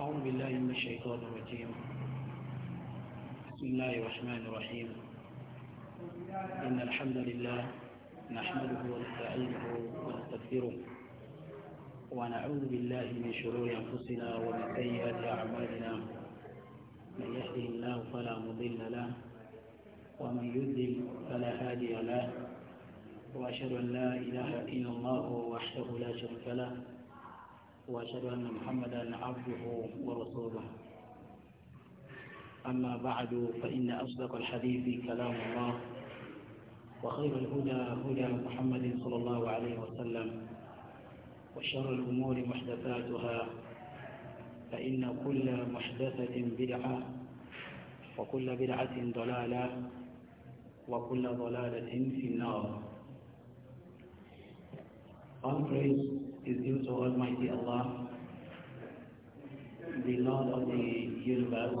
أعوذ بالله من الشيطان الرجيم بسم الله الرحمن الرحيم إن الحمد لله نحمده ونستعينه ونستغفره ونعوذ بالله من شرور أنفسنا ومن سيئات أعمالنا من يهده الله فلا مضل له ومن يذل فلا هادي له وأشهد أن لا إله إلا الله وحده لا شريك له وأشهد أن محمدا عبده ورسوله أما بعد فإن أصدق الحديث كلام الله وخير الهدى هدى محمد صلى الله عليه وسلم وشر الأمور محدثاتها فإن كل محدثة بدعة وكل بدعة ضلالة وكل ضلالة في النار All praise is due to Almighty Allah, the Lord of the universe.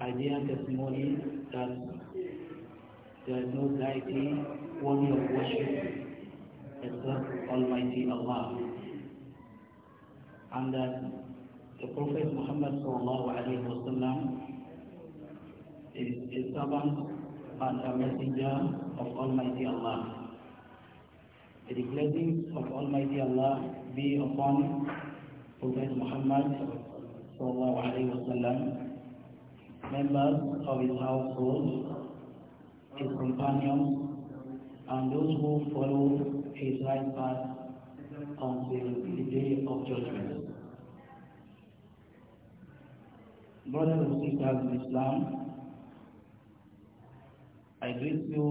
I bear testimony that there is no deity worthy of worship except Almighty Allah. And that the Prophet Muhammad wasallam is a servant and a messenger of Almighty Allah. May the blessings of Almighty Allah be upon Prophet Muhammad sallallahu alaihi wasallam, members of his household, his companions, and those who follow his right path until the day of judgment. Brothers and sisters in Islam, I greet you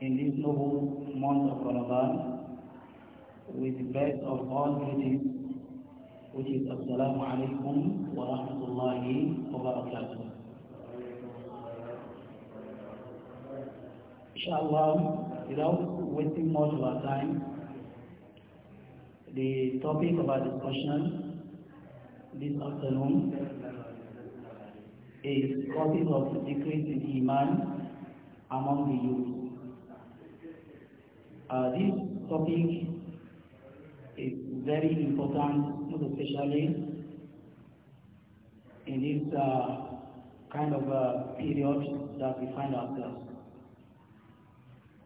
in this noble month of Ramadan with the best of all greetings, which is Assalamu alaikum wa rahmatullahi wa barakatuh. Inshallah, without wasting much of our time, the topic of our discussion this afternoon is topic of decreasing Iman among the youth. Uh, this topic is very important, especially in this uh, kind of uh, period that we find ourselves.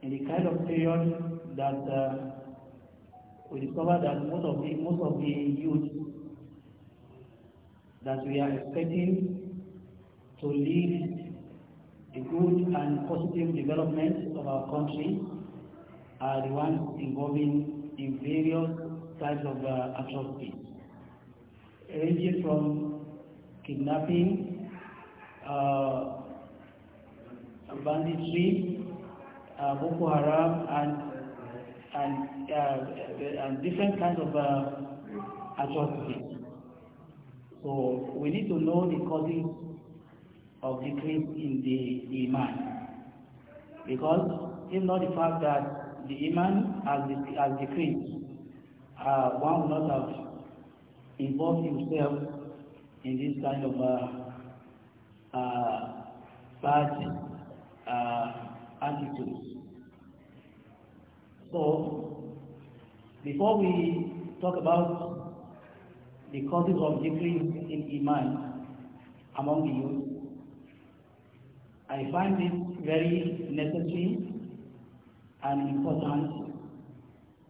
In the kind of period that uh, we discover that most of the most of the youth that we are expecting to lead a good and positive development of our country are the ones involving in various types of uh, atrocities, ranging from kidnapping, uh, banditry, uh, Boko Haram, and and, uh, and different kinds of uh, atrocities. So we need to know the causes of decrease in the demand, because if not the fact that the Imam has, has decreed, uh, one would not have involved himself in this kind of uh, uh, bad uh, attitudes. So, before we talk about the causes of decrease in Iman among the youth, I find it very necessary and important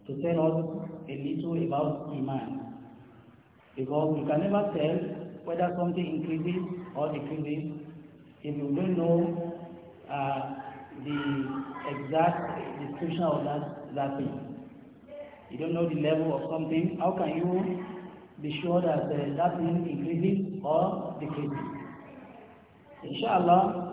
to tell us a little about Iman. Because we can never tell whether something increases or decreases if you don't know uh, the exact description of that, that thing. You don't know the level of something, how can you be sure that uh, that thing increases or decreases? Inshallah,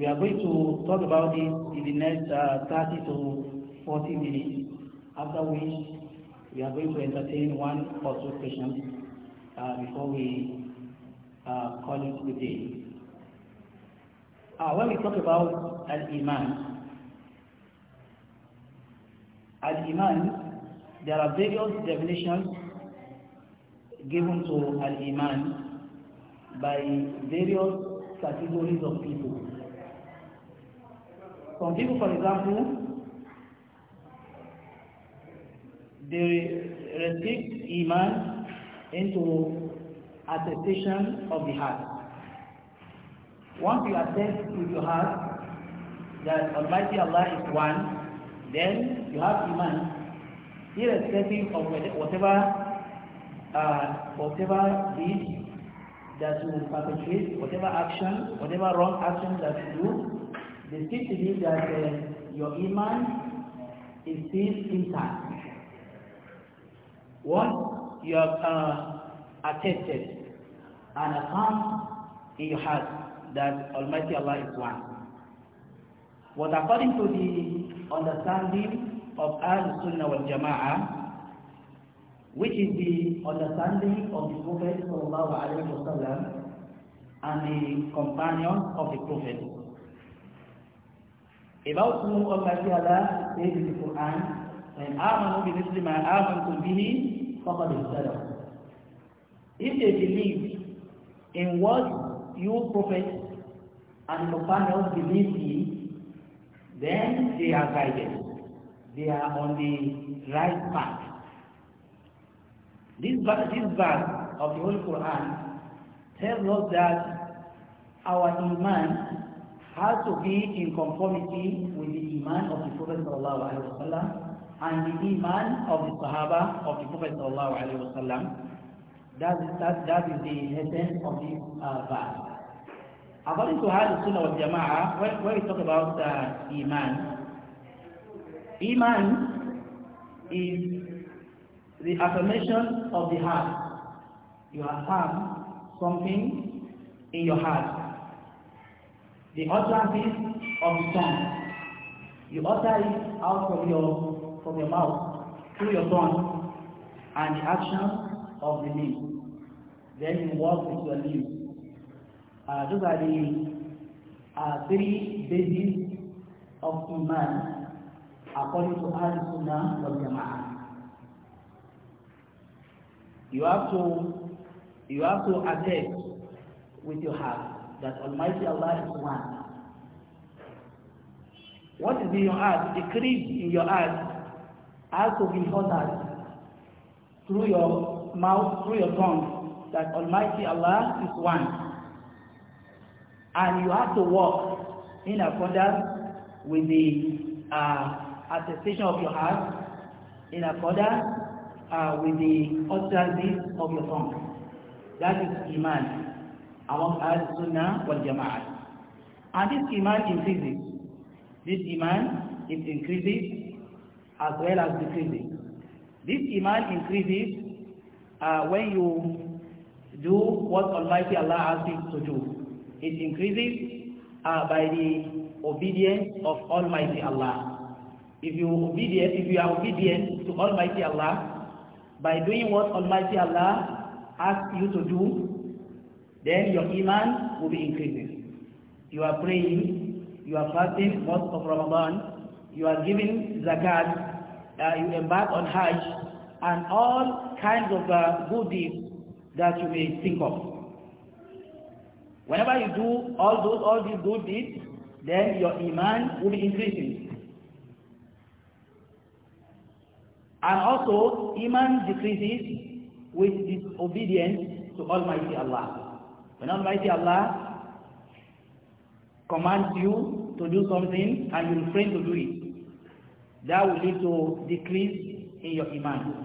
We are going to talk about this in the next uh, 30 to 40 minutes, after which we are going to entertain one or two questions uh, before we uh, call it good day. Uh, when we talk about Al-Iman, Al-Iman, there are various definitions given to Al-Iman by various categories of people. Some people, for example, they restrict Iman into attestation of the heart. Once you attest with your heart that Almighty Allah is one, then you have Iman, irrespective of whatever uh, whatever deed that you perpetrate, whatever action, whatever wrong action that you do, The still is that uh, your iman is still intact. What you have uh, attested and affirmed in your heart that Almighty Allah is one. But according to the understanding of Al-Sunnah wal-Jama'ah, which is the understanding of the Prophet and the companions of the Prophet ìbáwòsùn ọgbà sí في èyí ti kùrán ẹ̀n àmàlú bí nísìlì máa àmàlú bí ní fọ́kànlẹ̀ ìsẹ́lẹ̀. If they believe in what you prophet and your panel believe in, then they are guided. They are on the right path. This verse, this verse of the Holy Quran tells us that our iman has to be in conformity with the Iman of the Prophet sallallahu alaihi wasallam and the Iman of the Sahaba of the Prophet sallallahu alaihi wasallam. thats that, that is the essence of this uh, verse. According to Hadith Sunnah wal Jama'ah, when, when we talk about uh, Iman, Iman is the affirmation of the heart. You affirm something in your heart. The utterances of the tongue. You utter it out from your from your mouth through your tongue and the action of the lips. Then you walk with your lips. Uh, those are the uh, three bases of Iman according to Al Sunnah wal Jama'ah. You have to you have to attest with your heart that Almighty Allah is one. What is in your heart, the creed in your heart, has to be uttered through your mouth, through your tongue, that Almighty Allah is one. And you have to walk in accordance with the uh, attestation of your heart, in accordance uh, with the utterances of your tongue. That is demand among us sunnah wal jama'ah. And this demand increases. This demand it increases as well as decreases. This demand increases uh, when you do what Almighty Allah asks you to do. It increases uh, by the obedience of Almighty Allah. If you obedient, if you are obedient to Almighty Allah by doing what Almighty Allah asks you to do, then your iman will be increasing. You are praying, you are fasting most of Ramadan, you are giving zakat, uh, you embark on Hajj, and all kinds of uh, good deeds that you may think of. Whenever you do all those all these good deeds, then your iman will be increasing. And also, iman decreases with disobedience to Almighty Allah. When Almighty Allah commands you to do something and you refrain to do it, that will lead to decrease in your iman.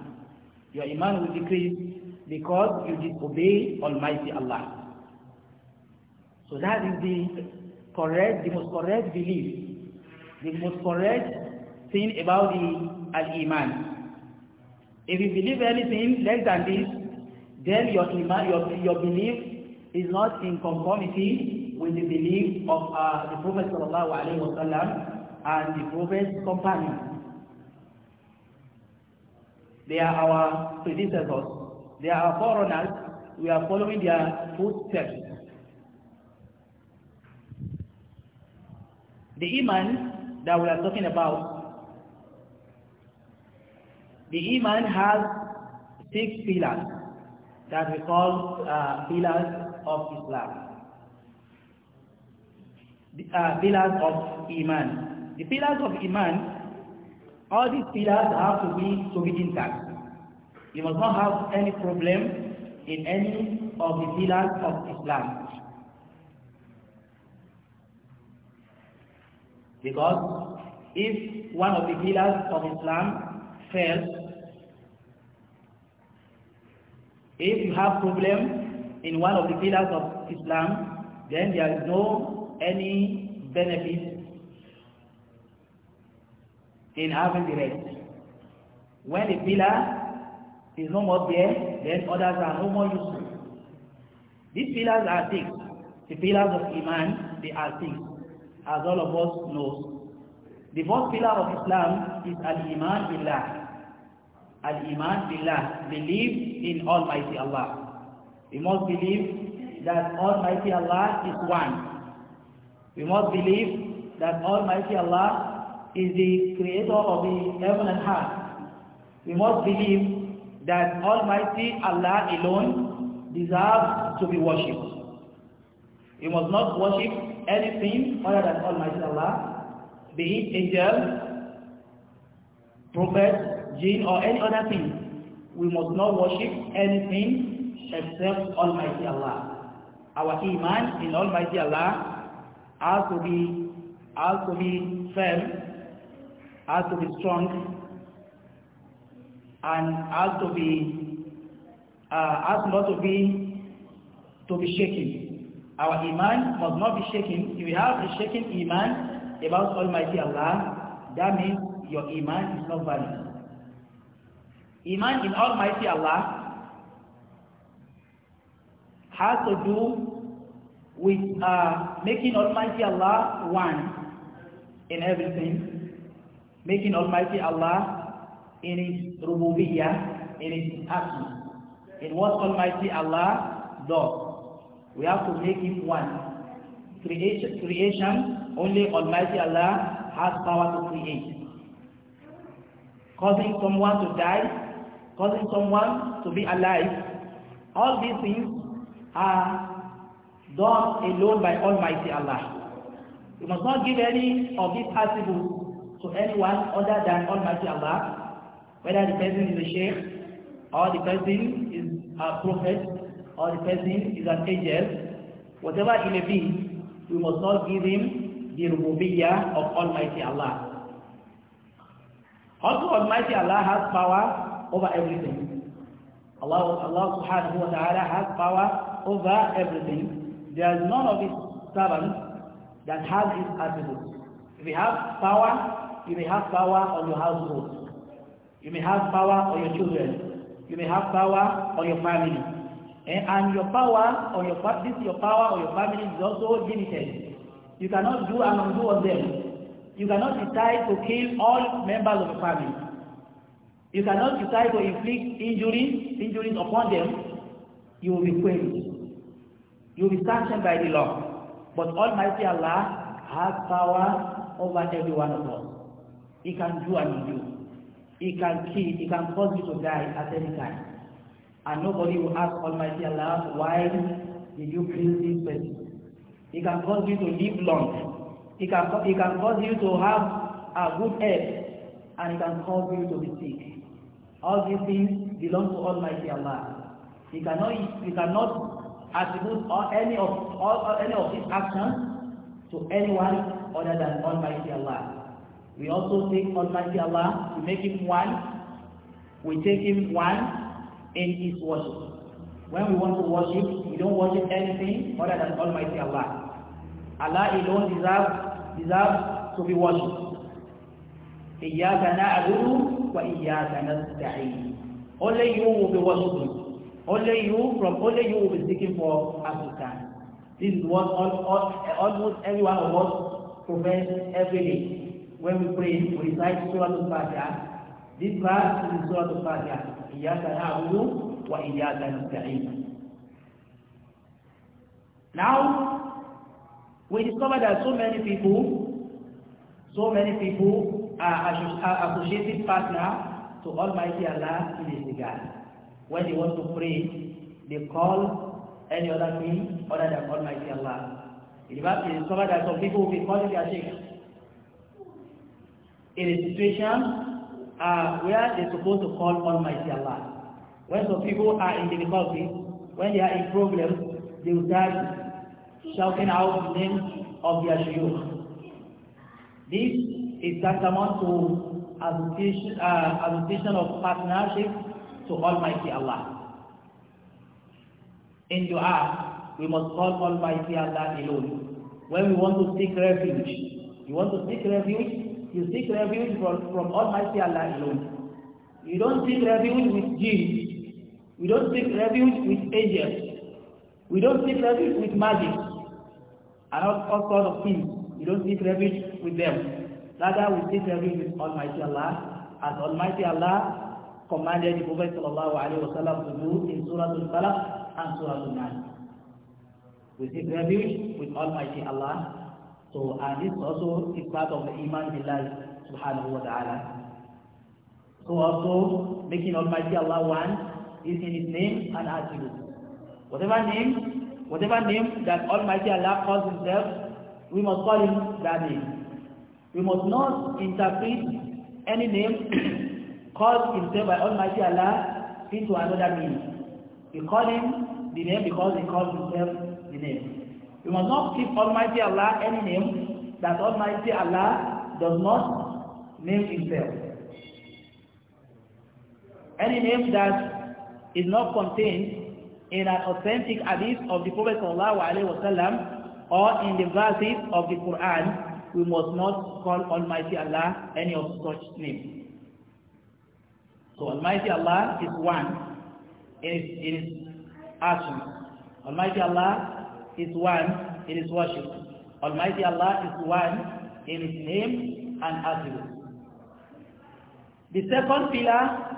Your iman will decrease because you disobey Almighty Allah. So that is the correct, the most correct belief, the most correct thing about the al-iman. If you believe anything less than this, then your iman, your, your belief is not in conformity with the belief of uh, the Prophet sallallahu wasallam and the Prophet's companions. They are our predecessors. They are our forerunners. We are following their footsteps. The iman that we are talking about, the iman has six pillars that we call uh, pillars of Islam. The uh, pillars of Iman. The pillars of Iman, all these pillars have to be to be intact. You must not have any problem in any of the pillars of Islam. Because if one of the pillars of Islam fails, if you have problem in one of the pillars of Islam, then there is no any benefit in having the rest. When the pillar is no more there, then others are no more useful. These pillars are things. The pillars of Iman, they are things, as all of us know. The first pillar of Islam is Al-Iman Billah. Al-Iman Billah, believe in Almighty Allah. We must believe that Almighty Allah is one. We must believe that Almighty Allah is the creator of the heaven and earth. We must believe that Almighty Allah alone deserves to be worshipped. We must not worship anything other than Almighty Allah, be it angel, prophet, jinn, or any other thing. We must not worship anything except Almighty Allah. Our iman in Almighty Allah has to be, has to be firm, has to be strong, and has to be, uh, has not to be, to be shaken. Our iman must not be shaken. If you have a shaken iman about Almighty Allah, that means your iman is not valid. Iman in Almighty Allah has to do with uh, making Almighty Allah one in everything, making Almighty Allah in His rububiyyah, in His asma, in what Almighty Allah does. We have to make Him one. Creation, creation only Almighty Allah has power to create. Causing someone to die, causing someone to be alive, all these things are done alone by Almighty Allah. You must not give any of these attributes to anyone other than Almighty Allah, whether the person is a sheikh, or the person is a prophet, or the person is an angel, whatever it may be, we must not give him the rububiyyah of Almighty Allah. Also, Almighty Allah has power over everything. Allah, Allah subhanahu wa ta'ala has power over everything, there is none of his servants that has his attributes. If you have power, you may have power on your household. You may have power on your children. You may have power on your family. And, eh, and your power on your this your power on your family is also limited. You cannot do and undo on them. You cannot decide to kill all members of your family. You cannot decide to inflict injuries, injuries upon them. You will be quenched. You be sanctioned by the law. But Almighty Allah has power over every one of us. He can do and do. He can kill, he can cause you to die at any time. And nobody will ask Almighty Allah, why did you kill this person? He can cause you to live long. He can, he can cause you to have a good health. And he can cause you to be sick. All these things belong to Almighty Allah. He cannot, he cannot As attribute or any of or any of his actions to anyone other than Almighty Allah. We also take Almighty Allah to make him one. We take him one in his worship. When we want to worship, we don't worship anything other than Almighty Allah. Allah alone deserves deserves to be worshipped. إياك نعبد وإياك نستعين. Only you will be worshipped. Only you from only you will be seeking for Africa. This is what all, all, almost everyone of us profess every day. When we pray, we recite Surah Al-Fatiha. This verse is Surah Al-Fatiha. إياك نعبد وإياك نستعين. Now, we discover that so many people, so many people are associated partner to Almighty Allah in His regard when they want to pray, they call any other thing other than Almighty Allah. In fact, it is covered that some people will be calling their sheikh in a situation uh, where they supposed to call Almighty Allah. When some people are in difficulty, when they are in problem, they will start shouting out the name of their shuyukh. This is tantamount to association, uh, of partnership to Almighty Allah. In dua, we must call Almighty Allah alone. When we want to seek refuge, you want to seek refuge, you seek refuge from, from Almighty Allah alone. You don't seek refuge with jinn. We don't seek refuge with angels. We don't seek refuge with magic and all, all sorts of things. You don't seek refuge with them. Rather, we seek refuge with Almighty Allah. As Almighty Allah commanded the Prophet sallallahu alaihi wasallam sallam to in Surah Al-Falaq and Surah Al-Nas. We seek refuge with Almighty Allah. So, and this also is part of the Iman Billah subhanahu wa ta'ala. So also, making Almighty Allah one is in His name and attributes. Whatever name, whatever name that Almighty Allah calls Himself, we must call Him that name. We must not interpret any name called himself by Almighty Allah into another meaning. We call him the name because he calls himself the name. We must not give Almighty Allah any name that Almighty Allah does not name himself. Any name that is not contained in an authentic hadith of the Prophet sallallahu alaihi wasallam or in the verses of the Quran, we must not call Almighty Allah any of such names. So Almighty Allah is one in his, in his action. Almighty Allah is one in his worship. Almighty Allah is one in his name and attributes. The second pillar,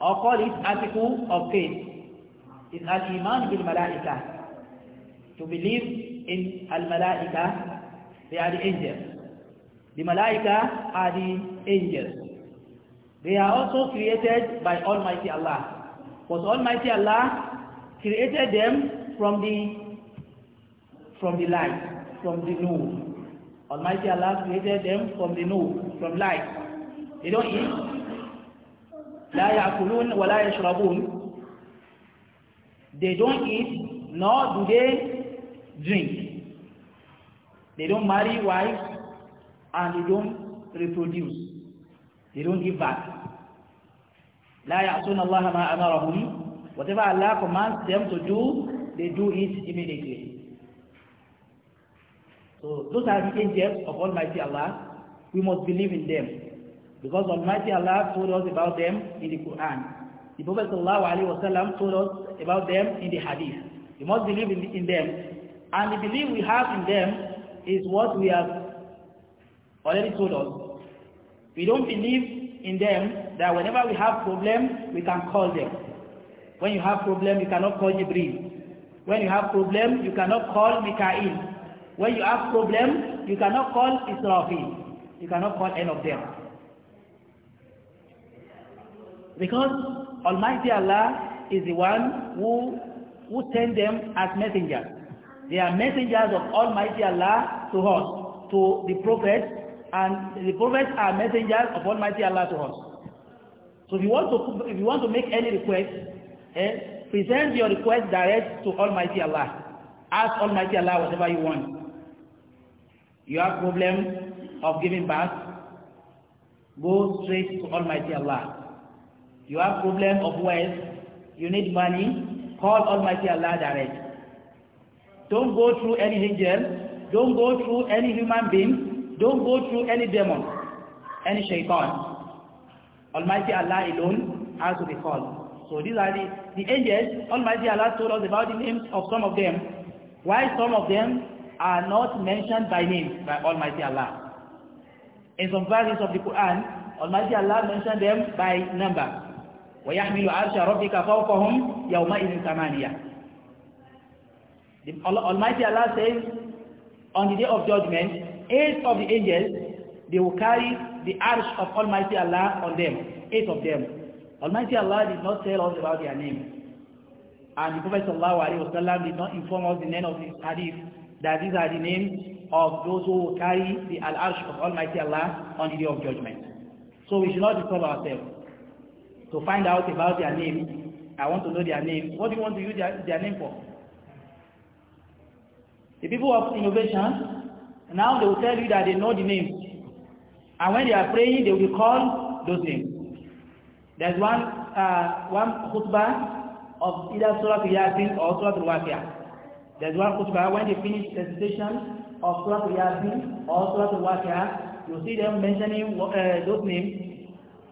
or call it article of faith, is al-iman bil malaika. To believe in al-malaika, they are the angels. The malaika are the angels. They are also created by Almighty Allah. But Almighty Allah created them from the from the light, from the noon. Almighty Allah created them from the noon, from light. They don't eat. لا يأكلون ولا يشربون. They don't eat, nor do they drink. They don't marry wives, and they don't reproduce. They don't give back. La ya'suna Allah ma amarahum. Whatever Allah commands them to do, they do it immediately. So those are the angels of Almighty Allah. We must believe in them. Because Almighty Allah told us about them in the Quran. The Prophet ﷺ told us about them in the Hadith. We must believe in, in them. And the belief we have in them is what we have already told us. We don't believe in them that whenever we have problem, we can call them. When you have problem, you cannot call Jibril. When you have problem, you cannot call Mikael. When you have problem, you cannot call Israfil. You cannot call any of them. Because Almighty Allah is the one who, who sent them as messengers. They are messengers of Almighty Allah to us, to the prophets, and the prophets are messengers of Almighty Allah to us. So if you want to, if you want to make any request, eh, present your request direct to Almighty Allah. Ask Almighty Allah whatever you want. You have problem of giving birth, go straight to Almighty Allah. You have problem of wealth, you need money, call Almighty Allah direct. Don't go through any angel, don't go through any human being, Don't go through any demon, any shaitan. Almighty Allah alone has to be called. So these are the, the angels, Almighty Allah told us about the names of some of them. Why some of them are not mentioned by name by Almighty Allah. In some verses of the Quran, Almighty Allah mentioned them by number. وَيَحْمِلُ عَرْشَ رَبِّكَ فَوْقَهُمْ يَوْمَئِذٍ ثَمَانِيَةٍ Almighty Allah says, on the day of judgment, eight of the angels, they will carry the arch of Almighty Allah on them, eight of them. Almighty Allah did not tell us about their name. And the Prophet Wasallam did not inform us the name of this hadith, that these are the names of those who will carry the al-arsh of Almighty Allah on the day of judgment. So we should not disturb ourselves to find out about their name. I want to know their name. What do you want to use their, their name for? The people of innovation, Now they will tell you that they know the names. And when they are praying, they will call those names. There's one, uh, one khutbah of either Surah Yasin or Surah Al-Waqi'ah. There's one khutbah when they finish the session of Surah Yasin or Surah Al-Waqi'ah, you see them mentioning uh, those names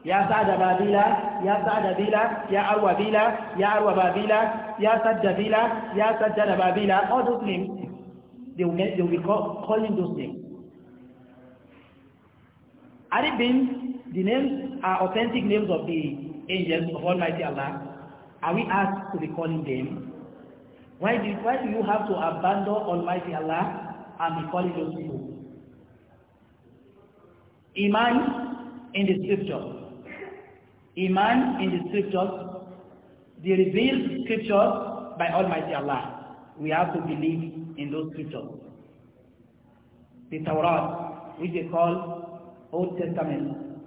يا سعد بابيلا يا سعد بيلا يا أروى بيلا يا أروى بابيلا all those names they will, get, they will be call, calling those names. Are being the names are authentic names of the angels of Almighty Allah. Are we asked to be calling them? Why do, why do you have to abandon Almighty Allah and be calling those people? Iman in the scriptures. Iman in the scriptures, the revealed scriptures by Almighty Allah. we have to believe in those scriptures. The Torah, which they call Old Testament.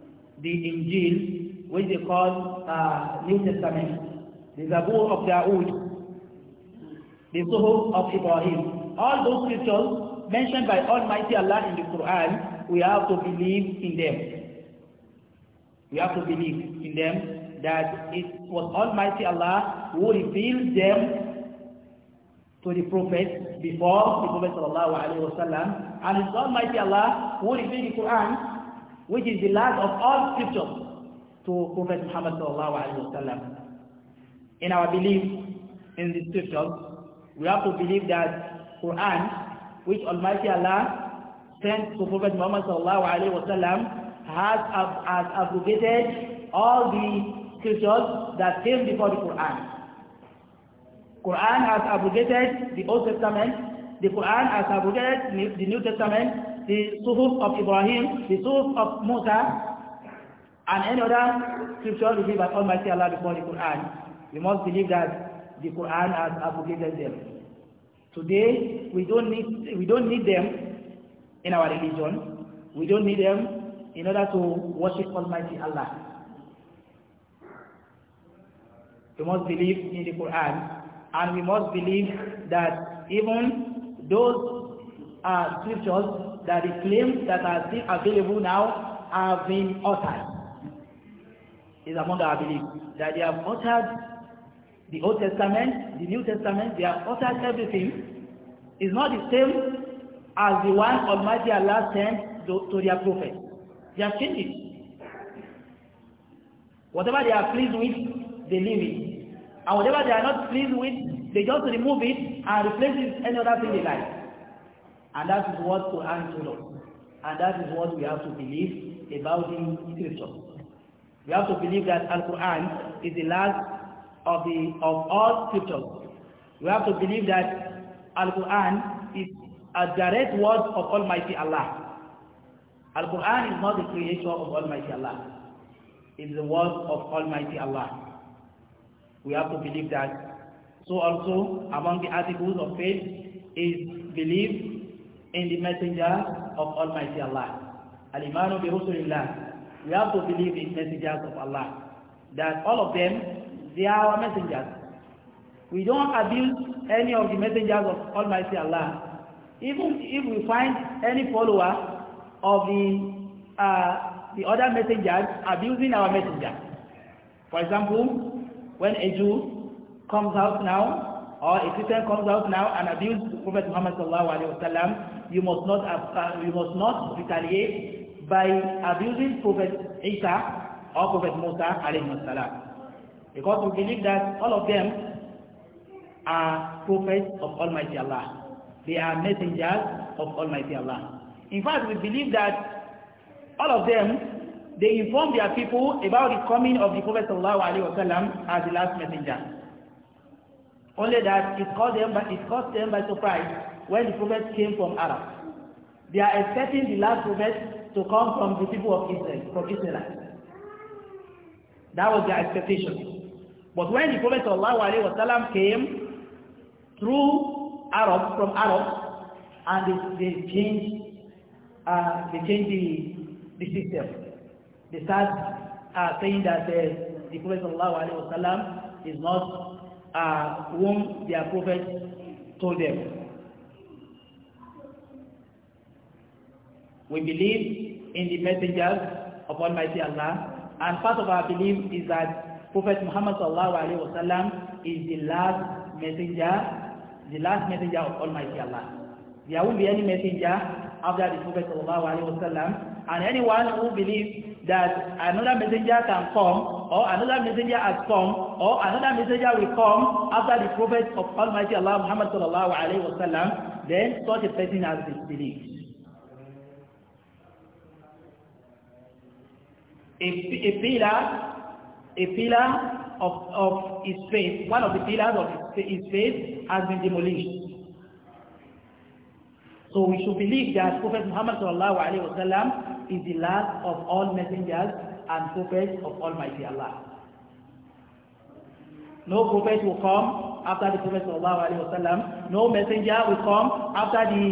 The Injil, which they call uh, New Testament. The Zabur of Dawood. The Suhuf of Ibrahim. All those scriptures mentioned by Almighty Allah in the Quran, we have to believe in them. We have to believe in them that it was Almighty Allah who revealed them to the Prophet before the Prophet sallallahu alayhi wa sallam. And it's Almighty Allah who revealed the Quran, which is the last of all scriptures, to Prophet Muhammad sallallahu alayhi wa sallam. In our belief in the scriptures, we have to believe that Quran, which Almighty Allah sent to Prophet Muhammad sallallahu alayhi wa sallam, has, has abrogated all the scriptures that came before the Quran. Quran has abrogated the Old Testament, the Quran has abrogated the New Testament, the Suhuf of Ibrahim, the Suhuf of Musa, and any other scripture revealed by Almighty Allah before the Quran. We must believe that the Quran has abrogated them. Today, we don't need, we don't need them in our religion. We don't need them in order to worship Almighty Allah. You must believe in the Quran And we must believe that even those uh, scriptures that the claims that are still available now have been uttered. Is among our belief that they have uttered the Old Testament, the New Testament, they have uttered everything. It's not the same as the one Almighty Allah sent to, to their prophet. They have changed it. Whatever they are pleased with, they leave it. And whatever they are not pleased with, they just remove it and replace it with any other thing they like. And that is what Quran told us. And that is what we have to believe about the scripture. We have to believe that Al-Quran is the last of, the, of all scriptures. We have to believe that Al-Quran is a direct word of Almighty Allah. Al-Quran is not the creation of Almighty Allah. It's the word of Almighty Allah. We have to believe that. So also among the articles of faith is belief in the messenger of Almighty Allah. Al-Imanu bi Rasulillah. We have to believe in messengers of Allah. That all of them, they are our messengers. We don't abuse any of the messengers of Almighty Allah. Even if we find any follower of the, uh, the other messengers abusing our messenger. For example, when a Jew comes out now or a Christian comes out now and abuses Prophet Muhammad sallallahu alaihi wasallam, you must not uh, you must not retaliate by abusing Prophet Isa or Prophet Musa alaihi wasallam. Because we believe that all of them are prophets of Almighty Allah. They are messengers of Almighty Allah. In fact, we believe that all of them they informed their people about the coming of the Prophet wasallam as the last messenger. Only that it caught them by, it caught them by surprise when the Prophet came from Arab. They are expecting the last Prophet to come from the people of Israel, from Israelites. That was their expectation. But when the Prophet wasallam came through Arab, from Arab, and they, they changed, uh, they changed the, the system. The third uh, saying that the, uh, the Prophet wasallam is not uh, whom their prophet told them. We believe in the messengers of Almighty Allah and part of our belief is that Prophet Muhammad wasallam is the last messenger, the last messenger of Almighty Allah. There won't be any messenger after the Prophet wasallam and anyone who believes that another messenger can come or another messenger has come or another messenger will come after the prophet of Almighty Allah Muhammad sallallahu alayhi wa sallam, then such a person has disbelieved. A, a pillar, a pillar of, of his faith, one of the pillars of his faith has been demolished. So we should believe that Prophet Muhammad sallallahu alayhi wa sallam is the last of all messengers and prophet of Almighty Allah. No prophet will come after the Prophet sallallahu alayhi wasallam. No messenger will come after the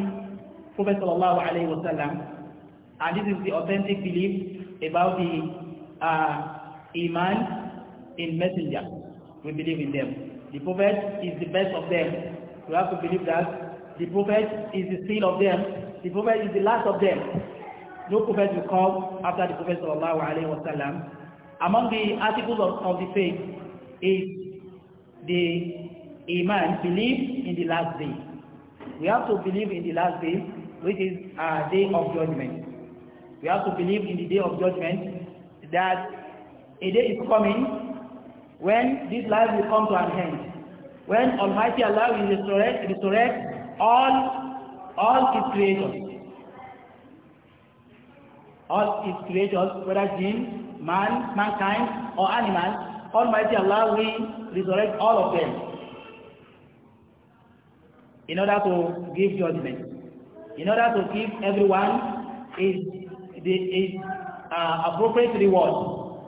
Prophet sallallahu alayhi wasallam. And this is the authentic belief about the uh, Iman in messenger. We believe in them. The Prophet is the best of them. We have to believe that the Prophet is the seal of them. The Prophet is the last of them no prophet will come after the Prophet sallallahu alayhi wa sallam. Among the articles of, of the faith is the Iman, believe in the last day. We have to believe in the last day, which is a day of judgment. We have to believe in the day of judgment that a day is coming when this life will come to an end. When Almighty Allah will resurrect, resurrect all, all His creators all his creators, whether jinn, man, mankind, or animals, Almighty Allah will resurrect all of them in order to give judgment, in order to give everyone is the, his uh, appropriate reward.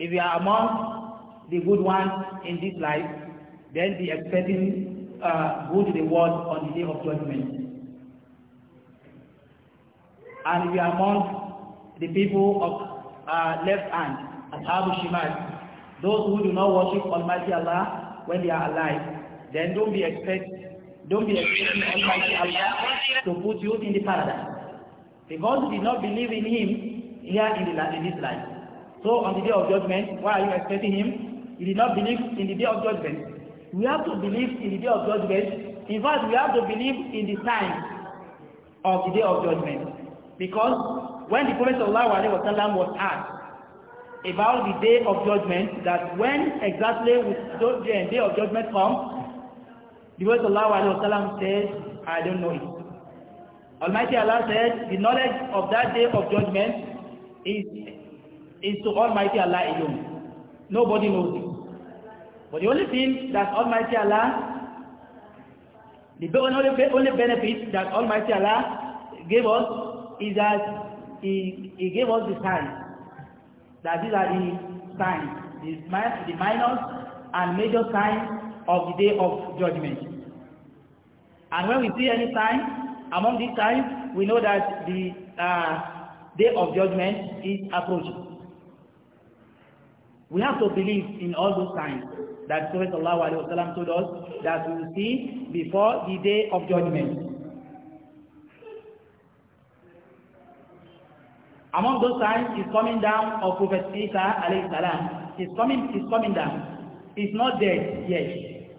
If you are among the good ones in this life, then be expecting uh, good reward on the day of judgment and we are among the people of uh, left hand, Abu Shimal. Those who do not worship Almighty Allah when they are alive, then don't be expect, don't be expecting Almighty Allah to put you in the paradise. Because you did not believe in Him here in, the, in this life. So on the day of judgment, why are you expecting Him? You did not believe in the day of judgment. We have to believe in the day of judgment. In fact, we have to believe in the time of the day of judgment. Because when the Prophet ﷺ was asked about the day of judgment, that when exactly the eh, day of judgment come, the Prophet ﷺ said, I don't know it. Almighty Allah said, the knowledge of that day of judgment is, is to Almighty Allah alone. Nobody knows it. But the only thing that Almighty Allah, the only, only benefit that Almighty Allah gave us is that he, he gave us the sign. That these are the signs, the, the minors and major signs of the day of judgment. And when we see any sign, among these signs, we know that the uh, day of judgment is approaching. We have to believe in all those signs that Prophet Allah told us that we will see before the day of judgment. Among those signs is coming down of Prophet Isa alayhi salam. He's coming, he's coming down. He's not dead yet,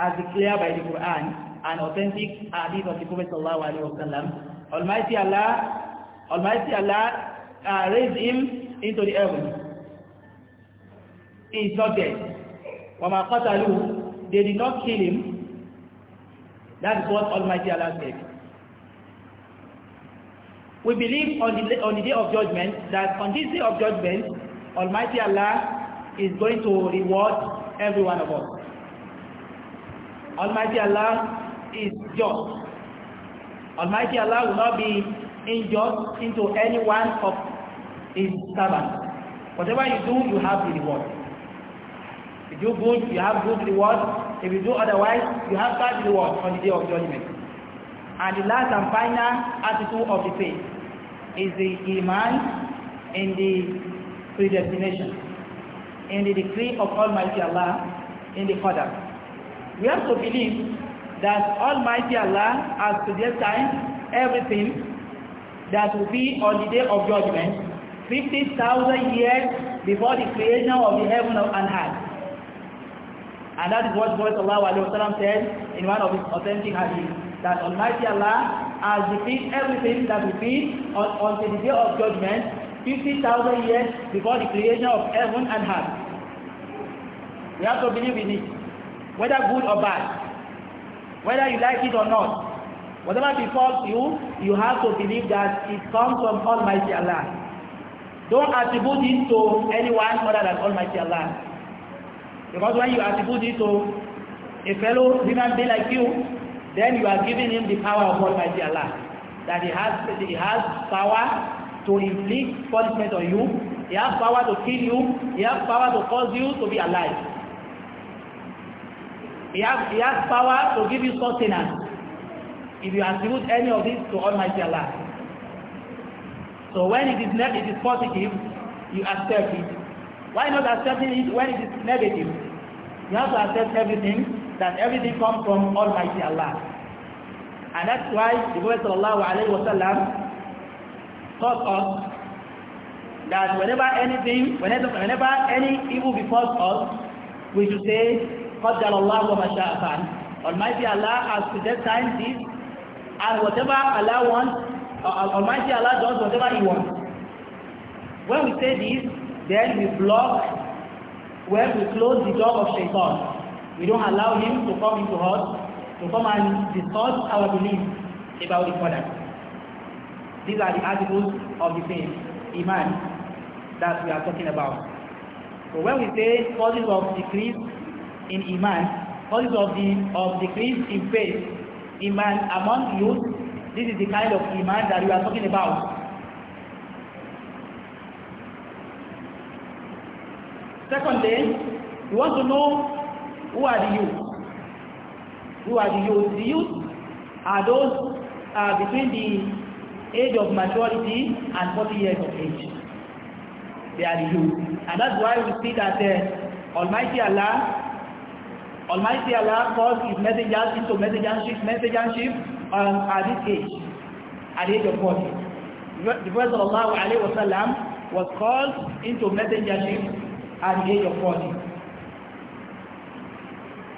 as declared by the Quran and authentic hadith of the Prophet sallallahu alayhi wa sallam. Almighty Allah, Almighty Allah uh, raised him into the heaven. He is not dead. وَمَا قَتَلُوا They did not kill him. That is what Almighty Allah said. We believe on the, on the day of judgment that on this day of judgment, Almighty Allah is going to reward every one of us. Almighty Allah is just. Almighty Allah will not be injust into any one of his servants. Whatever you do, you have the reward. If you do good, you have good reward. If you do otherwise, you have bad reward on the day of judgment. And the last and final attitude of the faith is the Iman and the predestination, and the decree of Almighty Allah in the Qadr. We also believe that Almighty Allah has predestined everything that will be on the day of judgment 50,000 years before the creation of the heaven and earth. And that is what Prophet Allah said in one of his authentic hadiths that Almighty Allah has decreed everything that will be on, until the day of judgment, fifty thousand years before the creation of heaven and earth. We have to believe in it, whether good or bad, whether you like it or not. Whatever befalls you, you have to believe that it comes from Almighty Allah. Don't attribute it to anyone other than Almighty Allah. Because when you attribute it to a fellow human being like you, then you are giving him the power of Almighty Allah that he has he has power to inflict punishment on you he has power to kill you he has power to cause you to be alive he has he has power to give you sustenance if you attribute any of this to Almighty Allah so when it is negative it is positive you accept it why not accepting it when it is negative you have to accept everything that everything comes from Almighty Allah. And that's why the Prophet sallallahu alayhi wa sallam taught us that whenever anything, whenever, whenever any evil befalls us, we should say, قَدَّرَ اللَّهُ وَمَشَاءَ Almighty Allah has predestined this, and whatever Allah wants, uh, uh, Almighty Allah does whatever He wants. When we say this, then we block, when we close the door of shaitan. We don't allow him to come into us, to come and discuss our beliefs about the Father. These are the articles of the faith, Iman, that we are talking about. So when we say causes of decrease in Iman, causes of, the, of decrease in faith, Iman among youth, this is the kind of Iman that we are talking about. Secondly, we want to know Who are the youth? Who are the youth? The youth are those uh, between the age of maturity and 40 years of age. They are the youth. And that's why we see that uh, Almighty Allah Almighty Allah calls his messengers into messengership, messengership um, at this age, at the age of 40. The Prophet Allah was called into messengership at the age of 40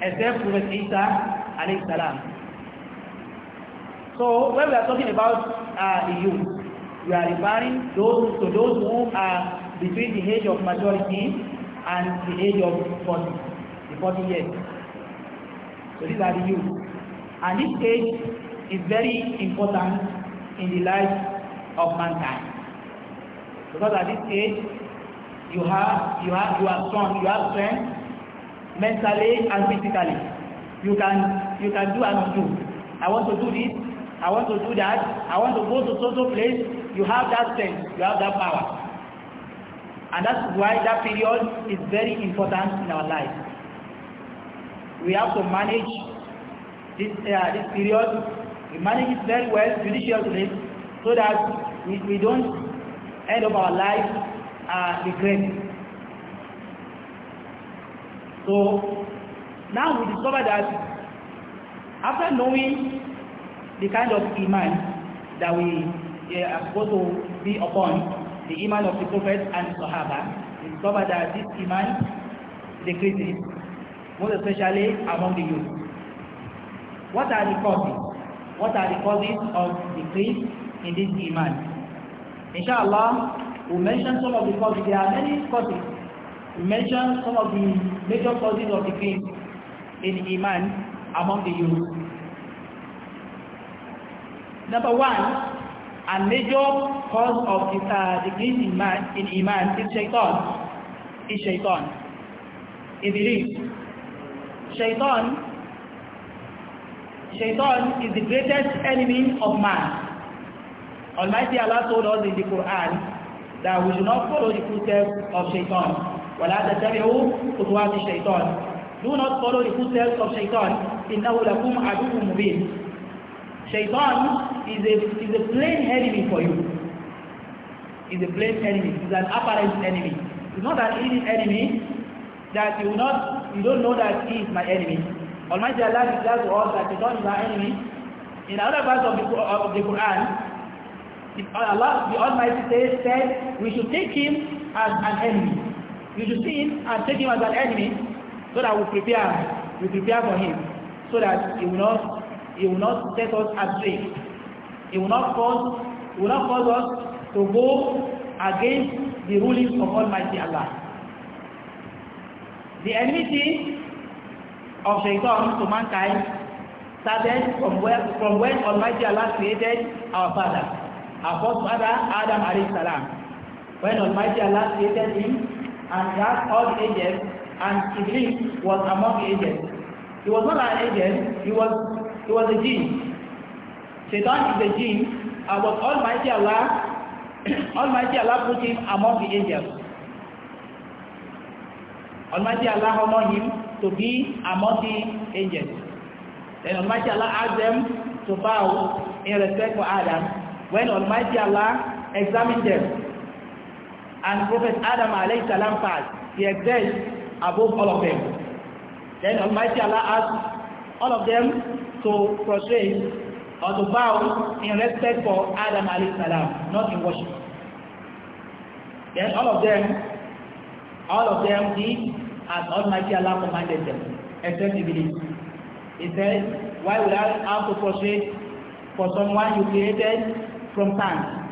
except Prophet Isa alayhi salam. So when we are talking about uh, the youth, we are referring those to those who are between the age of majority and the age of forty. the forty years. So these are the youth. And this age is very important in the life of mankind. Because at this age, you have you have you are strong, you have strength, mentally and physically. You can, you can do and do. I want to do this. I want to do that. I want to go to social place. You have that sense. You have that power. And that's why that period is very important in our life. We have to manage this, uh, this period. We manage it very well judiciously so that we, we don't end up our life uh, regretting. So now we discover that after knowing the kind of iman that we yeah, are supposed to be upon, the iman of the Prophet and Sahaba, we discover that this iman decreases, most especially among the youth. What are the causes? What are the causes of decrease in this iman? Inshallah, we mention some of the causes. There are many causes mentioned some of the major causes of the pain in Iman among the youth. Number one, a major cause of uh, decrease in Iman, in Iman is shaitan. Is shaitan. Iblis. Shaitan, shaitan is the greatest enemy of man. Almighty Allah told us in the Quran that we should not follow the footsteps of shaitan. ولا تتبعوا خطوات الشيطان Do not follow the footsteps of shaitan إنه لكم عدو مبين Shaitan is a, is a plain enemy for you is a plain enemy, is an apparent enemy. is not an hidden enemy that you not you don't know that he is my enemy. Almighty Allah declares to us that he is our enemy. In another parts of the, of the Quran, Allah the Almighty says, said we should take him as an enemy you should see him and take him as an enemy so that we prepare we prepare for him so that he will not he will not set us astray he will not cause he will not cause us to go against the rulings of Almighty Allah the enmity of shaitan to mankind started from where from when Almighty Allah created our father our first father Adam alayhi salam when Almighty Allah created him and that all the agents, and Iblis was among the agents. He was not an agent, he was, he was a jinn. Satan is a jinn, and was Almighty Allah, Almighty Allah put him among the angels. Almighty Allah honored him to be among the angels. Then Almighty Allah asked them to bow in respect for Adam. When Almighty Allah examined them, and Prophet Adam alayhi salam passed. He exists above all of them. Then Almighty Allah asked all of them to prostrate or to bow in respect for Adam alayhi salam, not in worship. Then all of them, all of them did as Almighty Allah commanded them, except Iblis. He said, why would I have to prostrate for someone you created from sand?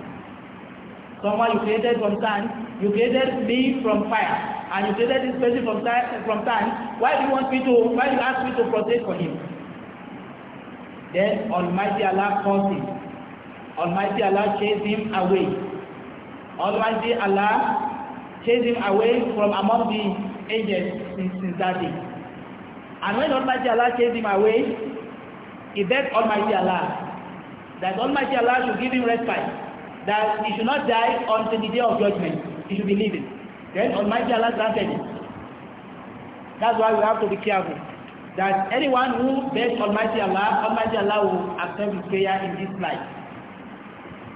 Someone you created from sand, you created me from fire, and you created this person from sand, from sand. Why do you want me to, why do you ask me to protect for him? Then Almighty Allah calls him. Almighty Allah chased him away. Almighty Allah chased him away from among the angels since, since that day. And when Almighty Allah chased him away, he begged Almighty Allah that Almighty Allah should give him respite that he should not die until the day of judgment. He should be living. Then Almighty Allah granted it. That's why we have to be careful. That anyone who begs Almighty Allah, Almighty Allah will accept his prayer in this life.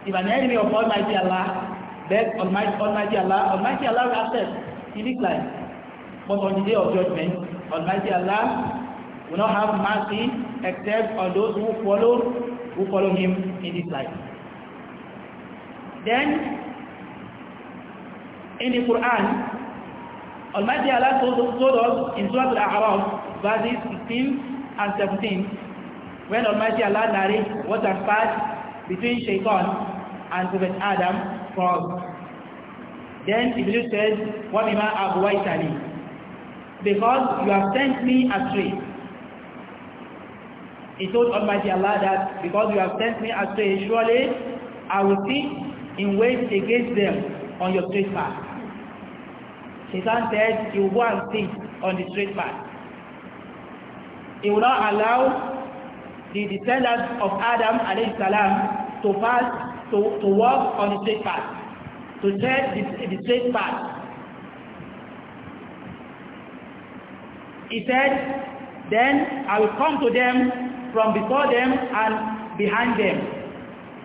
If an enemy of Almighty Allah begs Almighty, Almighty Allah, Almighty Allah will accept in this life. But on the day of judgment, Almighty Allah will not have mercy except on those who follow who follow him in this life. Then, in the Quran, Almighty Allah told, told us in Surah Al-A'raf, verses 16 and 17, when Almighty Allah narrates what has passed between Shaitan and Prophet Adam for us. Then Iblis said, وَمِمَا أَبْوَيْتَنِي Because you have sent me astray. He told Almighty Allah that because you have sent me astray, surely I will see in ways against them on your straight path. Satan said he will go and sit on the straight path. He will not allow the descendants of Adam salam to pass to, to walk on the straight path, to tread the, the straight path. He said, then I will come to them from before them and behind them,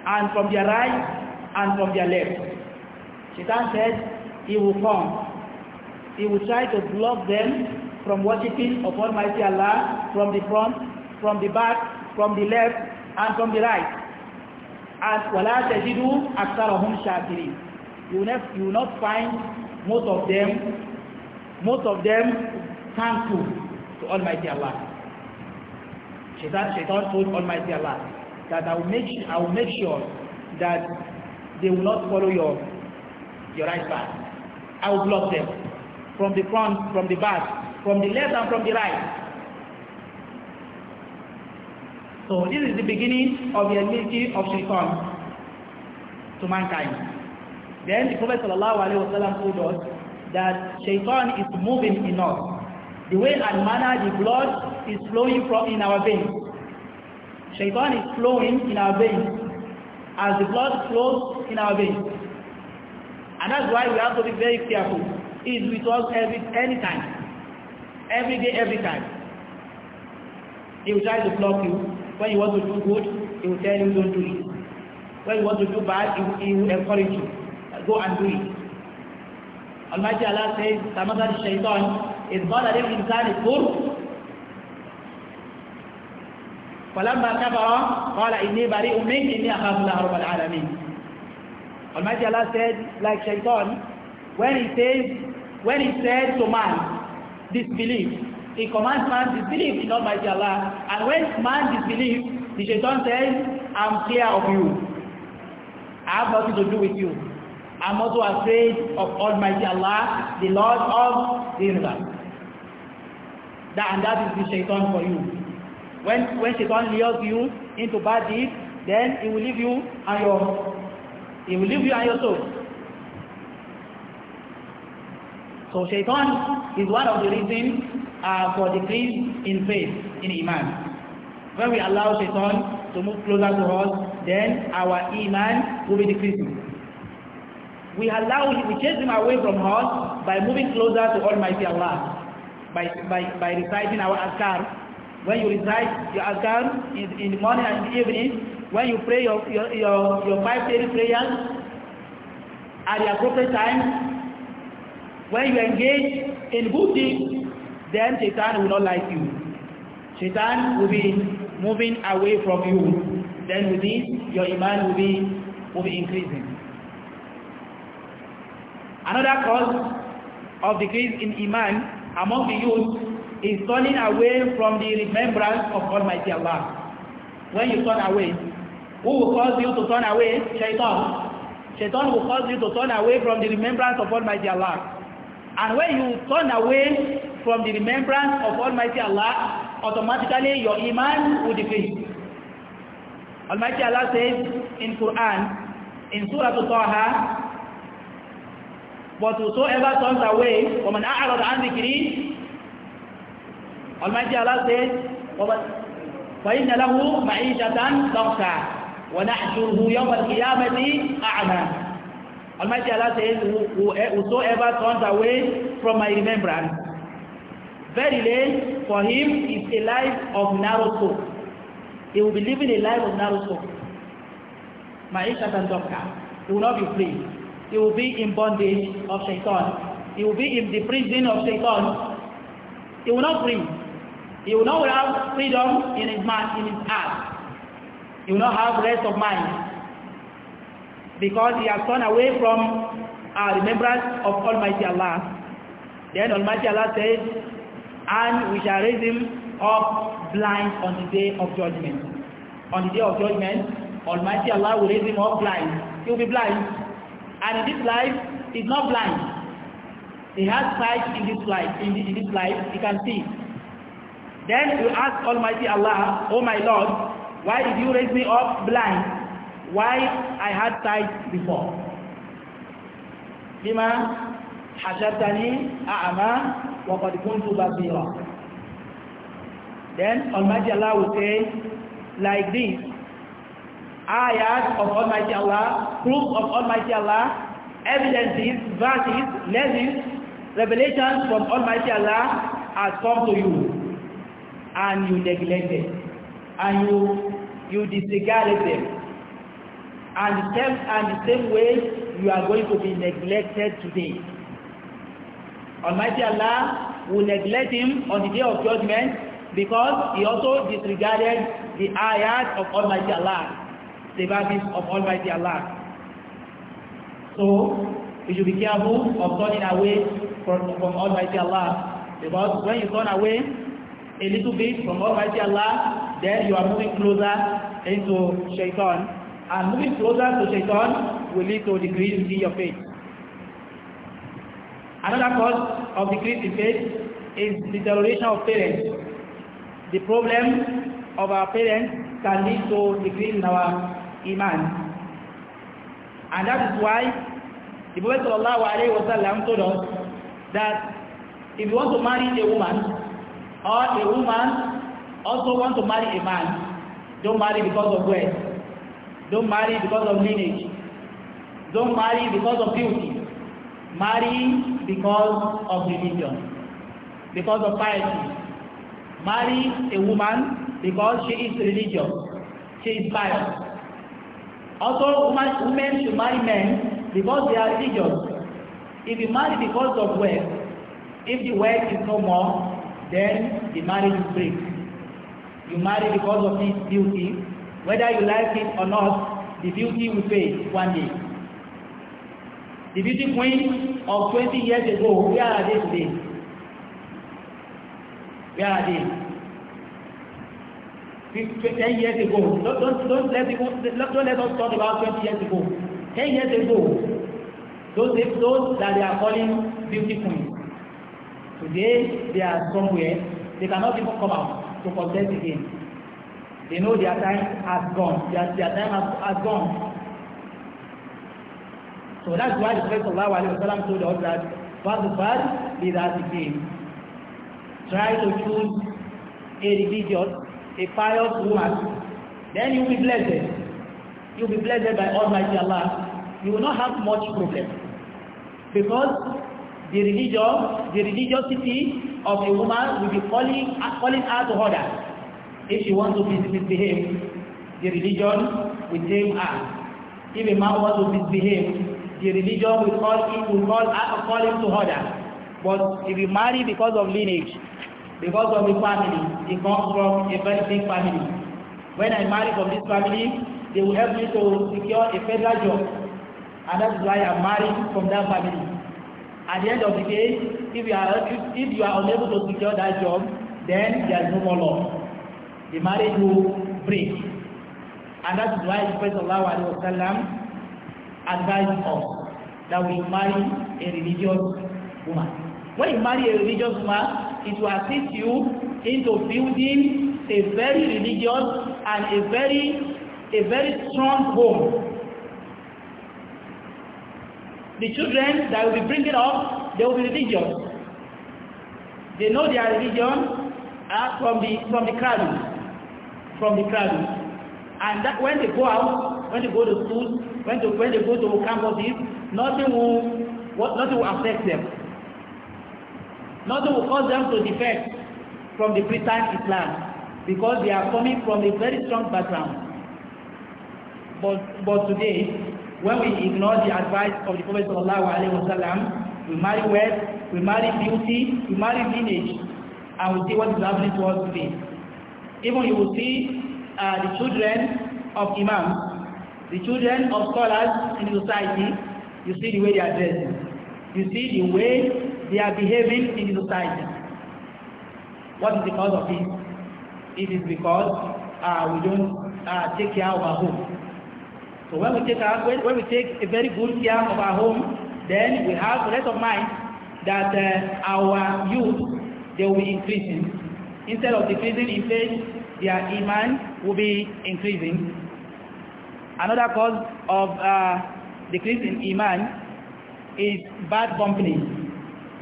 and from their right and from their left. Satan said he will come. He will try to block them from worshiping of Almighty Allah from the front, from the back, from the left, and from the right. As وَلَا تَجِدُوا أَكْثَرَهُمْ شَاكِرِينَ You will you will not find most of them, most of them thankful to Almighty Allah. Shaitan, Shaitan told Almighty Allah that I will make, I will make sure that they will not follow your your right path. I will block them from the front, from the back, from the left and from the right. So this is the beginning of the enmity of shaitan to mankind. Then the Prophet sallallahu alaihi wasallam told us that shaitan is moving in us. The way and manner the blood is flowing from in our veins. Shaitan is flowing in our veins as the blood flows in our veins. And that's why we have to be very careful. It is with us every any time. Every day, every time. He will try to block you. When you want to do good, he will tell you don't do it. When you want to do bad, he will, he will encourage you. Go and do it. Almighty Allah says, Samantha the Shaitan is not that if insan is فلما كفر قال إني بريء منك إني أخاف الله رب العالمين Almighty Allah said like shaitan when he says when he said to man disbelief he commands man disbelief in Almighty Allah and when man disbelieves the shaitan says I'm clear of you I have nothing to do with you I'm also afraid of Almighty Allah the Lord of the universe that, and that is the shaitan for you When, when Satan lures you into bad deeds, then he will leave you and your, he will leave you and your soul. So Shaitan is one of the reasons uh, for decrease in faith, in Iman. When we allow Shaitan to move closer to us, then our Iman will be decreasing. We allow we chase him away from us by moving closer to Almighty Allah, by, by, by reciting our azkar, when you recite your adhan in, in the morning and in the evening, when you pray your, your, your, your five daily prayers at the appropriate time, when you engage in good deeds, then Satan will not like you. Satan will be moving away from you. Then with this, your iman will be, will be increasing. Another cause of decrease in iman among the youth is turning away from the remembrance of Almighty Allah. When you turn away, who will cause you to turn away? Shaitan. Shaitan will cause you to turn away from the remembrance of Almighty Allah. And when you turn away from the remembrance of Almighty Allah, automatically your iman will decrease. Almighty Allah says in Quran, in Surah Al-Taha, but whosoever turns away from an a'rad an dhikri Almighty Allah says, فَإِنَّ لَهُ مَعِيشَةً ضَغْشَى وَنَحْشُرُهُ يَوْمَ الْقِيَامَةِ أَعْمَى Almighty Allah says, eh, whosoever turns away from my remembrance, verily for him is a life of narrow scope. He will be living a life of narrow scope. Ma'ishatan Dhamka. He will not be free. He will be in bondage of shaitan. He will be in the prison of satan. He will not free. He will not have freedom in his mind, in his heart. He will not have rest of mind because he has turned away from our remembrance of Almighty Allah. Then Almighty Allah says, and we shall raise him up blind on the day of judgment. On the day of judgment, Almighty Allah will raise him up blind. He will be blind. And in this life, he is not blind. He has sight in this life. in this life, he can see. Then you ask Almighty Allah, Oh my Lord, why did you raise me up blind? Why I had sight before? Lima hashartani a'ama wa qad kuntu basira. Then Almighty Allah will say like this, ayat of Almighty Allah, proof of Almighty Allah, evidences, verses, lessons, revelations from Almighty Allah has come to you and you neglect them and you you disregard them and the same and the same way you are going to be neglected today almighty allah will neglect him on the day of judgment because he also disregarded the ayat of almighty allah the verses of almighty allah so we should be careful of turning away from, from almighty allah because when you turn away a little bit from Almighty Allah, then you are moving closer into shaitan. And moving closer to shaitan will lead to decrease in your faith. Another cause of decrease in faith is deterioration of parents. The problem of our parents can lead to decrease in our iman. And that is why the Prophet sallallahu told us that if you want to marry a woman, or a woman also want to marry a man, don't marry because of wealth. Don't marry because of lineage. Don't marry because of beauty. Marry because of religion, because of piety. Marry a woman because she is religious. She is pious. Also, women should marry men because they are religious. If you marry because of wealth, if the wealth is no more, then the marriage will break. You marry because of this beauty, Whether you like it or not, the beauty will fade one day. The beauty queen of 20 years ago, where are they today? Where are they? 10 years ago. Don't, don't, don't, let, people, don't let us talk about 20 years ago. 10 years ago, those, those that they are calling beauty queens, Today, they are somewhere. They cannot even come out to protest again. They know their time has gone. Their, their time has, has gone. So that's why the Prophet Sallallahu Alaihi Wasallam told us that Fadufad is as it is. Try to choose a religious, a pious woman. Then you'll be blessed. You'll be blessed by Almighty Allah. You will not have much problem. Because the religion, the religiosity of a woman will be calling, calling her to order. If she wants to misbehave, the religion will tame her. If a man wants to misbehave, the religion will call him, will call, her, call him to order. But if you marry because of lineage, because of the family, he comes from a very big family. When I marry from this family, they will help me to secure a federal job. And that's why I'm marrying from that family. At the end of the day, if you are, if, if you are unable to secure that job, then there is no more law. The marriage will break. And that is why the Prophet Sallallahu Alaihi Wasallam advised us that we marry a religious woman. When you marry a religious woman, it will assist you into building a very religious and a very, a very strong home the children that will be bringing up, they will be religious. They know their religion uh, from the from the crowd, from the crowd. And that when they go out, when they go to school, when they when they go to campuses, nothing will what, nothing will affect them. Nothing will cause them to defect from the Christian Islam because they are coming from a very strong background. But but today when we ignore the advice of the Prophet sallallahu alaihi wasallam, we marry wealth, we marry beauty, we marry lineage, and we see what is happening to us today. Even you will see uh, the children of imams, the children of scholars in society, you see the way they are dressed. You see the way they are behaving in society. What is the cause of this? It is because uh, we don't uh, take care of our home So when we take our, when, when we take a very good care of our home, then we have rest of mind that uh, our youth they will be increasing. Instead of decreasing in faith, their iman will be increasing. Another cause of uh, decrease in iman is bad company.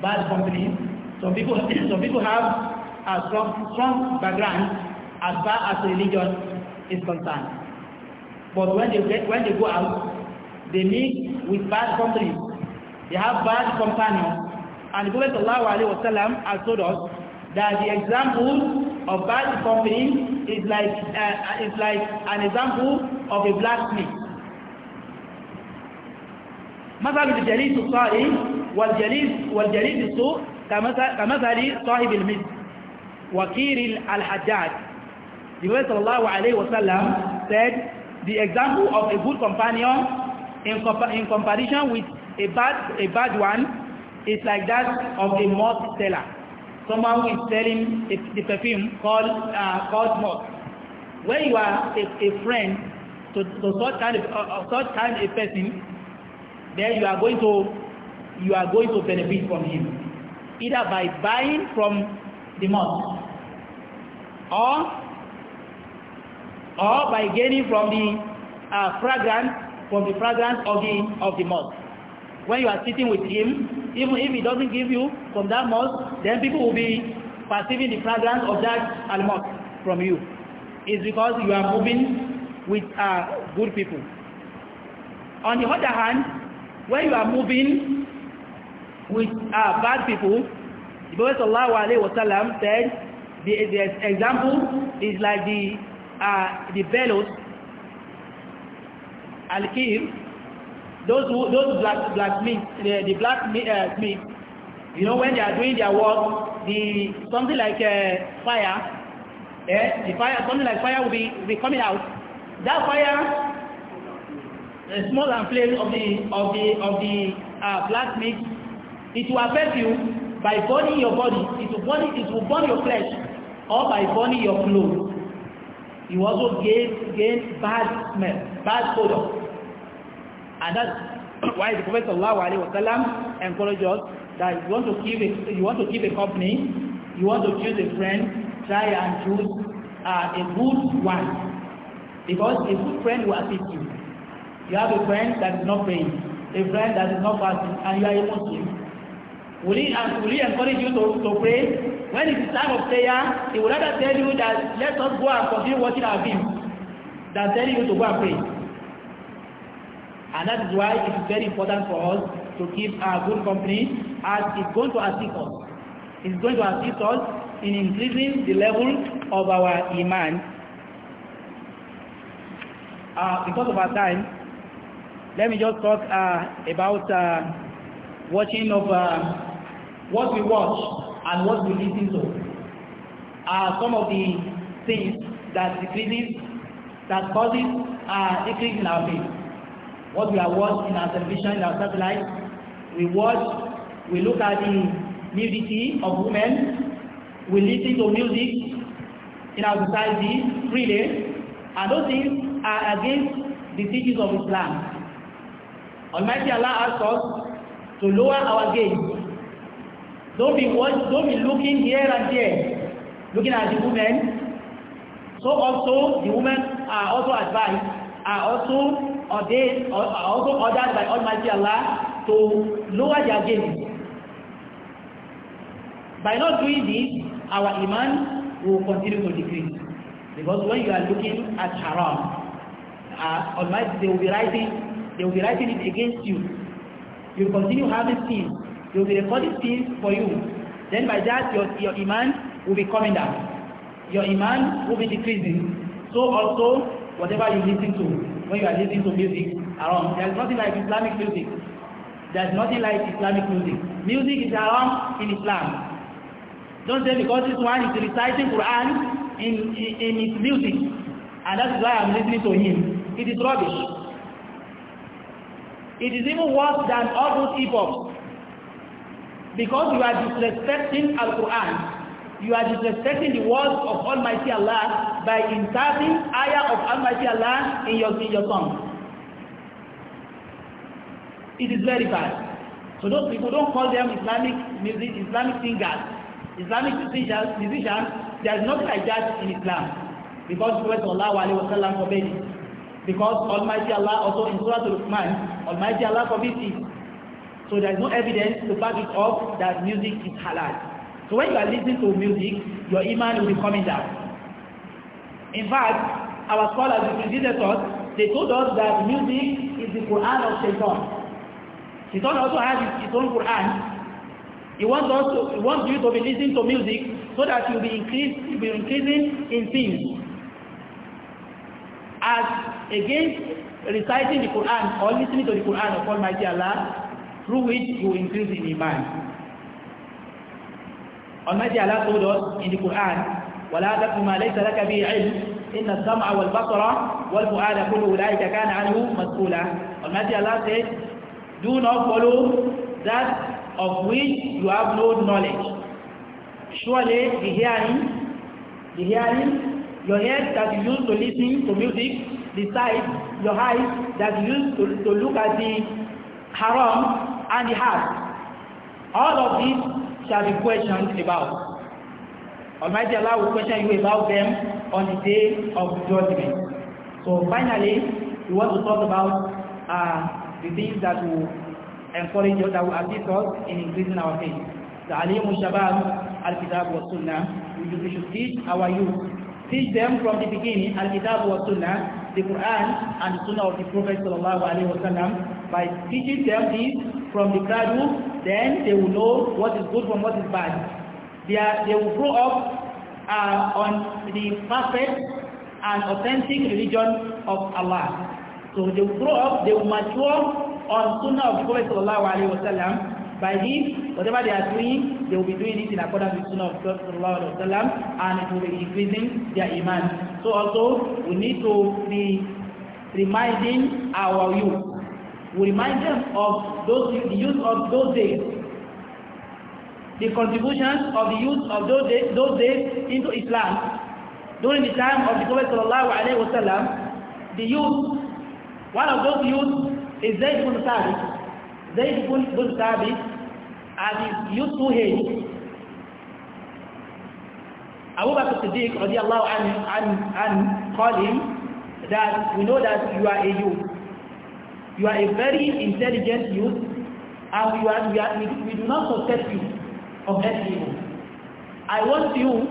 Bad company. Some people, some people have a strong, strong background as far as religion is concerned. But when they, get, when they go out, they meet with bad company. They have bad companions. And the Prophet ﷺ has told us that the example of bad company is like, uh, is like an example of a blacksmith. مثل الجليس الصائم والجليس, والجليس السوء كمثل صاحب المسك وكير الحجاج. The Prophet ﷺ said the example of a good companion in, compa in comparison with a bad, a bad one is like that of a moth seller. Someone who is selling a, the perfume called, uh, called moth. When you are a, a friend to, to such kind of, uh, uh such kind of a person, then you are going to, you are going to benefit from him. Either by buying from the moth or or by gaining from the uh, fragrance from the fragrance of the of the mosque. When you are sitting with him, even if he doesn't give you from that mosque, then people will be perceiving the fragrance of that al mosque from you. It's because you are moving with uh, good people. On the other hand, when you are moving with uh, bad people, the Prophet Sallallahu Alaihi Wasallam said, the, the example is like the are the bellows, alkir, those who, those black blacksmiths, the, the blacksmith, uh, smith, you know, when they are doing their work, the something like uh, fire, yeah, the fire, something like fire will be, will be coming out. That fire, the uh, small and flame of the of the of the uh, blacksmith, it will affect you by burning your body. It will burn it will burn your flesh, or by burning your clothes he also gain, gain bad smell, bad odor. And that's why the Prophet sallallahu ﷺ encouraged us that you want to keep a, you want to keep a company, you want to choose a friend, try and choose uh, a good one. Because a good friend will assist you. You have a friend that is not paying, a friend that is not fasting, and you are a Muslim. Will he, encourage you to, to pray? When it is time of prayer, he would rather tell you that let us go and continue watching our film than telling you to go and pray. And that is why it is very important for us to keep our good company as it's going to assist us. It's going to assist us in increasing the level of our iman. Uh, because of our time, let me just talk uh, about uh, watching of uh, what we watch and what we listen to are some of the things that decreases, that causes a uh, decrease in our faith. What we are watching in our television, in our satellite, we watch, we look at the nudity of women, we listen to music in our society freely, and those things are against the teachings of Islam. Almighty Allah asks us to lower our gaze Don't be, watch, don't be looking here and there, looking at the women. So also, the women are also advised, are also ordained, are also ordered by Almighty Allah to lower their gaze. By not doing this, our iman will continue to decrease. Because when you are looking at haram, uh, Almighty, they will be writing, they will be writing it against you. You continue having sins you will be recording things for you. Then by that, your, your iman will be coming down. Your iman will be decreasing. So also, whatever you listen to, when you are listening to music around, there is nothing like Islamic music. There is nothing like Islamic music. Music is around in Islam. Don't say because this one is reciting Quran in, in, in his music, and that is why I am listening to him. It is rubbish. It is even worse than all those hip-hops because you are disrespecting Al-Quran. You are disrespecting the words of Almighty Allah by inserting ayah of Almighty Allah in your, in your song. It is very bad. So those people don't call them Islamic music, Islamic singers, Islamic musicians, musicians. There is nothing like that in Islam. Because Prophet Allah wa sallam forbade it. Because Almighty Allah also in Surah Al-Rahman, Almighty Allah forbids it. So there is no evidence to back it up that music is halal. So when you are listening to music, your iman will be coming down. In fact, our scholars who visited us, they told us that music is the Quran of Shaitan. Shaitan also has his own Quran. He wants, us to, he wants you to be listening to music so that you'll be, increased, be increasing in sins. As against reciting the Quran or listening to the Quran of Almighty Allah, through which you increase in iman. Almighty Allah told us in the Quran, وَلَا تَقْفُ مَا لَيْسَ لَكَ بِهِ عِلْمٍ إِنَّ السَّمْعَ وَالْبَصَرَ وَالْفُؤَادَ كُلُّ أُولَٰئِكَ كَانَ عَنْهُ مَسْئُولًا Almighty Allah said, do not follow that of which you have no knowledge. Surely the hearing, the hearing, your ears that you use to listen to music, the sight, your eyes that you use to, to look at the haram and the heart. All of these shall be questioned about. Almighty Allah will question you about them on the day of judgment. So finally, we want to talk about uh, the things that will encourage us, that will assist us in increasing our faith. The Alimu Shabab, Al-Kitab wa Sunnah, which we should teach our youth. Teach them from the beginning, Al-Kitab wa Sunnah, the Quran and the Sunnah of the Prophet Sallallahu Alaihi Wasallam by teaching them this from the graduate, then they will know what is good from what is bad. They, are, they will grow up uh, on the perfect and authentic religion of Allah. So they will grow up, they will mature on Sunnah of Prophet Sallallahu Alaihi Wasallam. By this, whatever they are doing, they will be doing it in accordance with Sunnah of Prophet Sallallahu Alaihi Wasallam and it will be increasing their iman. So also, we need to be reminding our youth we remind them of those, the use of those days, the contributions of the use of those days, those days into Islam. During the time of the Prophet Sallallahu Alaihi Wasallam, the youth, one of those youth is Zayd ibn Thabit. Zayd ibn Thabit, and his youthful age, Abu Bakr Siddiq radiallahu anhu, and and call him that we know that you are a youth. You are a very intelligent youth, and we, are, we, are, we, do not suspect you of any evil. I want you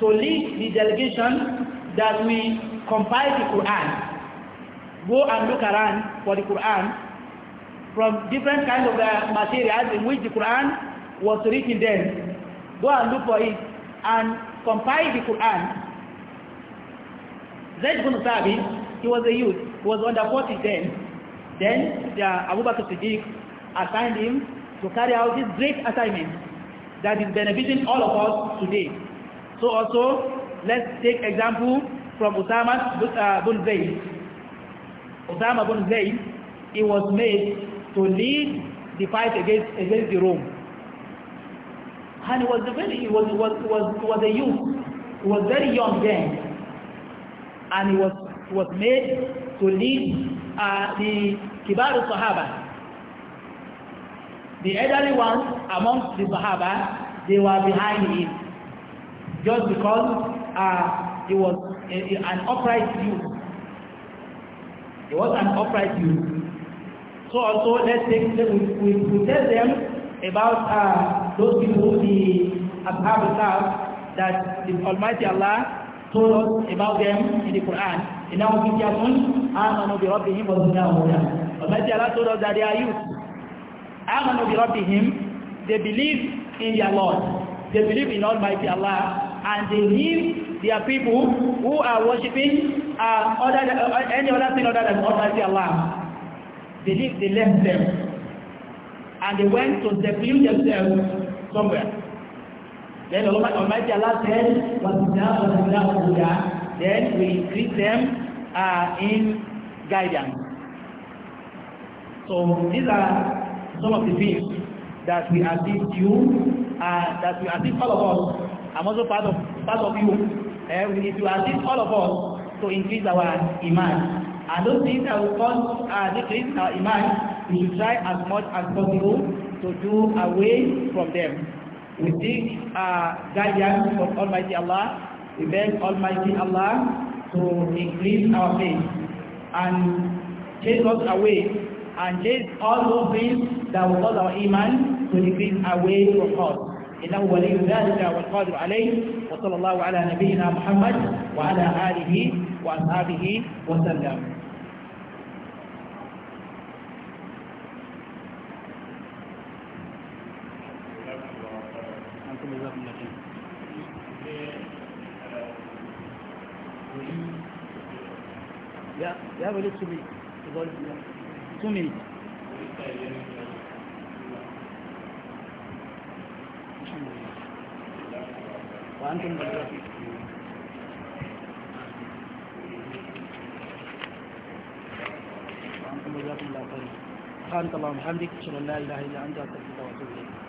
to lead the delegation that we compile the Quran. Go and look around for the Quran from different kinds of uh, materials in which the Quran was written then. Go and look for it and compile the Quran. Zaid bin Thabit, he was a youth, he was under 40 then. Then uh, Abu Bakr Siddiq assigned him to carry out this great assignment that is benefiting all of us today. So also, let's take example from Osama uh, bin Laden. Osama bin Laden, he was made to lead the fight against, against the Rome. And he was, very, he was, was, was, was a youth. He was very young then. And he was, was made to lead the Kibaru Sahaba. The elderly ones among the Sahaba, they were behind him. Just because uh, he was a, a, an upright youth. He was an upright youth. So also, let's take, let, we, we, we tell them about uh, those people, the Ashab that the Almighty Allah told us about them in the Quran. إنهم فتية آمنوا بربهم وزناهم هدى ومثل سورة داريوس آمنوا بربهم they believe in their Lord they believe in Almighty Allah and they leave their people who are worshiping uh, other, uh, any other thing other than Almighty Allah they leave they left them and they went to seclude themselves somewhere then Almighty Allah said وَزِنَاهُ وَزِنَاهُ هُدَى then we increase them uh, in guidance. So these are some of the things that we assist you, uh, that we assist all of us. I'm also part of, part of you. Uh, we need to assist all of us to increase our iman. And those things that will cause uh, decrease our iman, we should try as much as possible to do away from them. We seek uh, guidance from Almighty Allah We beg Almighty Allah to increase our faith and chase us away and chase all those things that will cause our iman to decrease away from us. إنه ولي ذلك والقادر عليه وصلى الله على نبينا محمد وعلى آله وأصحابه وسلم that will lead وأنتم me. وأنتم بالله وأنتم بالله خير سبحانك اللهم وبحمدك أشهد أن لا إله إلا أنت أستغفرك وأتوب إليك